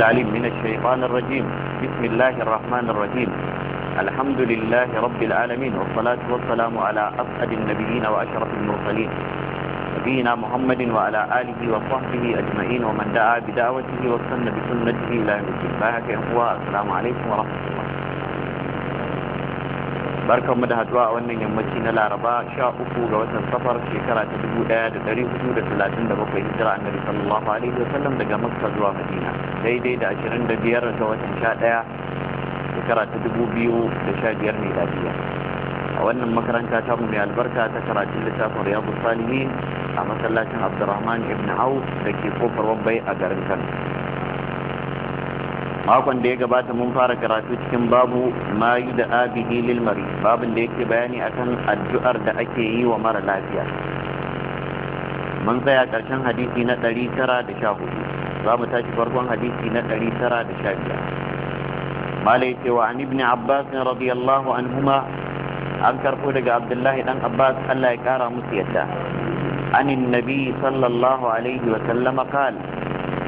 العليم من الشيطان الرجيم بسم الله الرحمن الرحيم الحمد لله رب العالمين والصلاة والسلام على أسعد النبيين وأشرف المرسلين نبينا محمد وعلى آله وصحبه أجمعين ومن دعا بدعوته وسن بسنته إلى يوم الدين باهك هو السلام عليكم ورحمة الله بارك الله مدها دعاء وأن يمتين العرباء شاء أفوق وسن سفر شكرا تدبو آد تريد سورة الله جنة رفع هجرة النبي صلى الله عليه وسلم دقا مصر دعاء مدينة daidai da 25 ga watan 11 shekara ta 2015 miladiya a wannan makaranta ta mu mai albarka ta karatun littafin riyadu salihin a masallacin abdurrahman ibn Hau da ke kofar wabbai a garin kano makon da ya gabata mun fara karatu cikin babu ma yi da Abidi lilmari, babin da yake bayani a kan addu'ar da ake yi wa mara lafiya mun tsaya ƙarshen hadisi na 914 za mu tashi farkon hadisi na tara da 915 malai cewa an ibn abbas radiyallahu anhuma an karɓo daga abdullahi dan abbas allah ya kara musu yadda anin nabi sallallahu alaihi wa sallama qal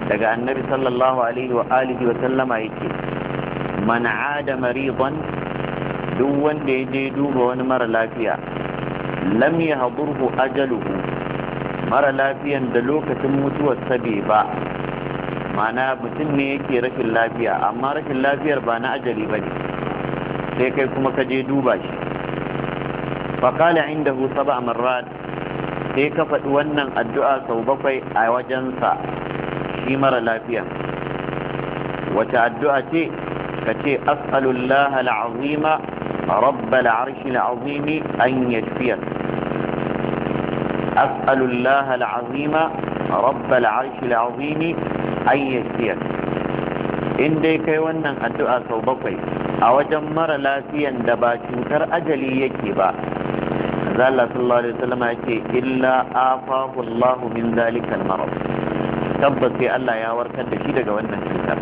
daga annabi sallallahu alaihi wa alihi wa sallama yake man ada maridan duk wanda ya je duba wani mara lafiya lam yahdurhu ajaluhu mara lafiyan da lokacin mutuwar sabe ba mana mutum ne yake rashin lafiya amma rashin lafiyar ba na ajali ba ne sai kai kuma ka je duba shi faƙala inda hu ba marrat sai ka faɗi wannan addu'a sau bakwai a wajensa shi mara lafiya wata addu'a ce ka ce as'alullaha al'azima rabba al'arshi al'azimi an yashfiya as'alullaha al'azima رب العرش العظيم أن يشفيك in dai kai wannan addu'a sau bakwai a wajen mara lafiyan da ba cutar ajali yake ba Allah sallallahu alaihi wasallam yake illa afahu Allah min zalikal marad tabbas sai Allah ya warkar da shi daga wannan cutar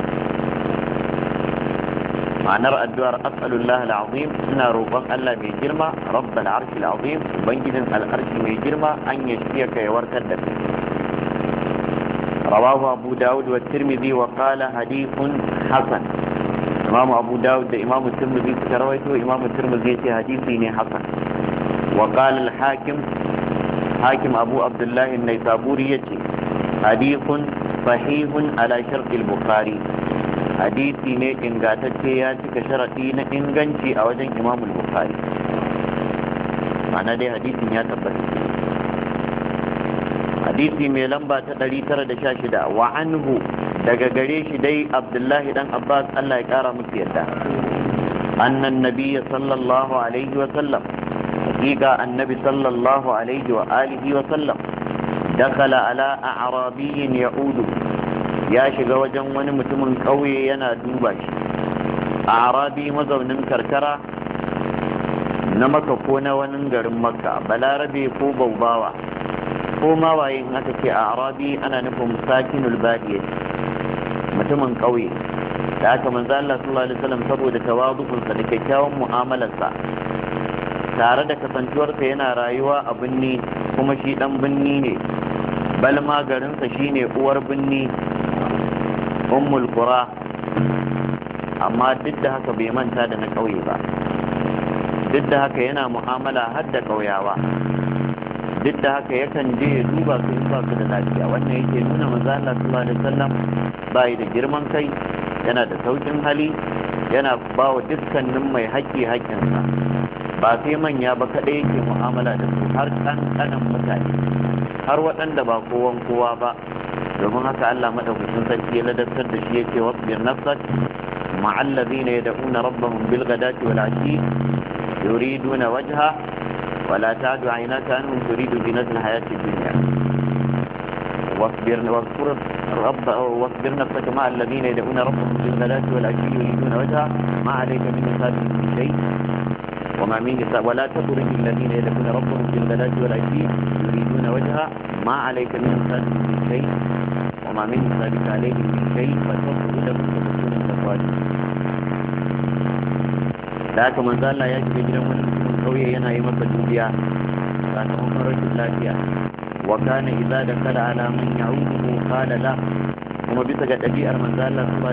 ma'anar addu'ar as'alullah al'azim ina roƙon Allah mai girma rabbal arshil azim ubangijin al'arshi mai girma an yashiyaka ya warkar da kai رواه أبو داود والترمذي وقال حديث حسن إمام أبو داود دا إمام الترمذي كرويته إمام الترمذي في حديثه حسن وقال الحاكم حاكم أبو عبد الله النيسابوري حديث صحيح على شرط البخاري حديثي ne ingantacce ya cika sharaɗi na inganci a wajen imamul bukhari ma'ana dai hadisin ya tabbata hadisi mai lamba ta 916 wa anhu daga gare shi dai abdullahi dan abbas allah ya kara musu yadda annan nabiya sallallahu alaihi wa sallam hakika annabi sallallahu alaihi wa alihi wa sallam dakala ala arabiyin ya'udu ya shiga wajen wani mutumin kauye yana duba shi a'rabi mazaunin karkara na maka ko na wani garin makka balarabe ko baubawa ko ma waye in ce a arabi ana nufin sakinul badiya mutumin ƙauye da aka manzo Allah sallallahu alaihi wasallam saboda tawazu'unsa da kyakkyawan mu'amalarsa tare da kasantuwarsa yana rayuwa a binni kuma shi dan binni ne balma garinsa shine uwar binni ummul qura amma duk da haka bai manta da na ƙauye ba duk da haka yana mu'amala har da ƙauyawa duk da haka yakan je ya duba su in ba su da lafiya wannan yake nuna manzo Allah sallallahu alaihi wasallam bai da girman kai yana da saukin hali yana ba wa dukkanin mai haƙƙi haƙƙinsa ba sai manya ba kaɗai yake mu'amala da su har ƙanƙanan mutane har waɗanda ba kowan kowa ba domin haka Allah madaukakin sarki ya ladabtar da shi yake wasbir nafsak ma'allazina yad'una rabbahum bil ghadati wal 'ashi yuriduna wajha ولا تعد عيناك عنهم تريد زينة الحياة الدنيا واصبر واذكر رب واصبر نفسك مع الذين يدعون ربهم بالغلاة والعشي يريدون وجهه ما عليك من حسابهم من شيء وما من ولا تطرد الذين يدعون ربهم بالغلاة والعشي يريدون وجهه ما عليك من حسابهم من شيء وما من حسابك عليهم من شيء فتخرج لهم تكون من الظالمين ذاك من ذا لا يجب جنبه kauye yana yi masa dubiya sakamakon rashin lafiya wa kana idza dakala ala man ya'uduhu qala la kuma bisa ga ɗabi'ar manzo Allah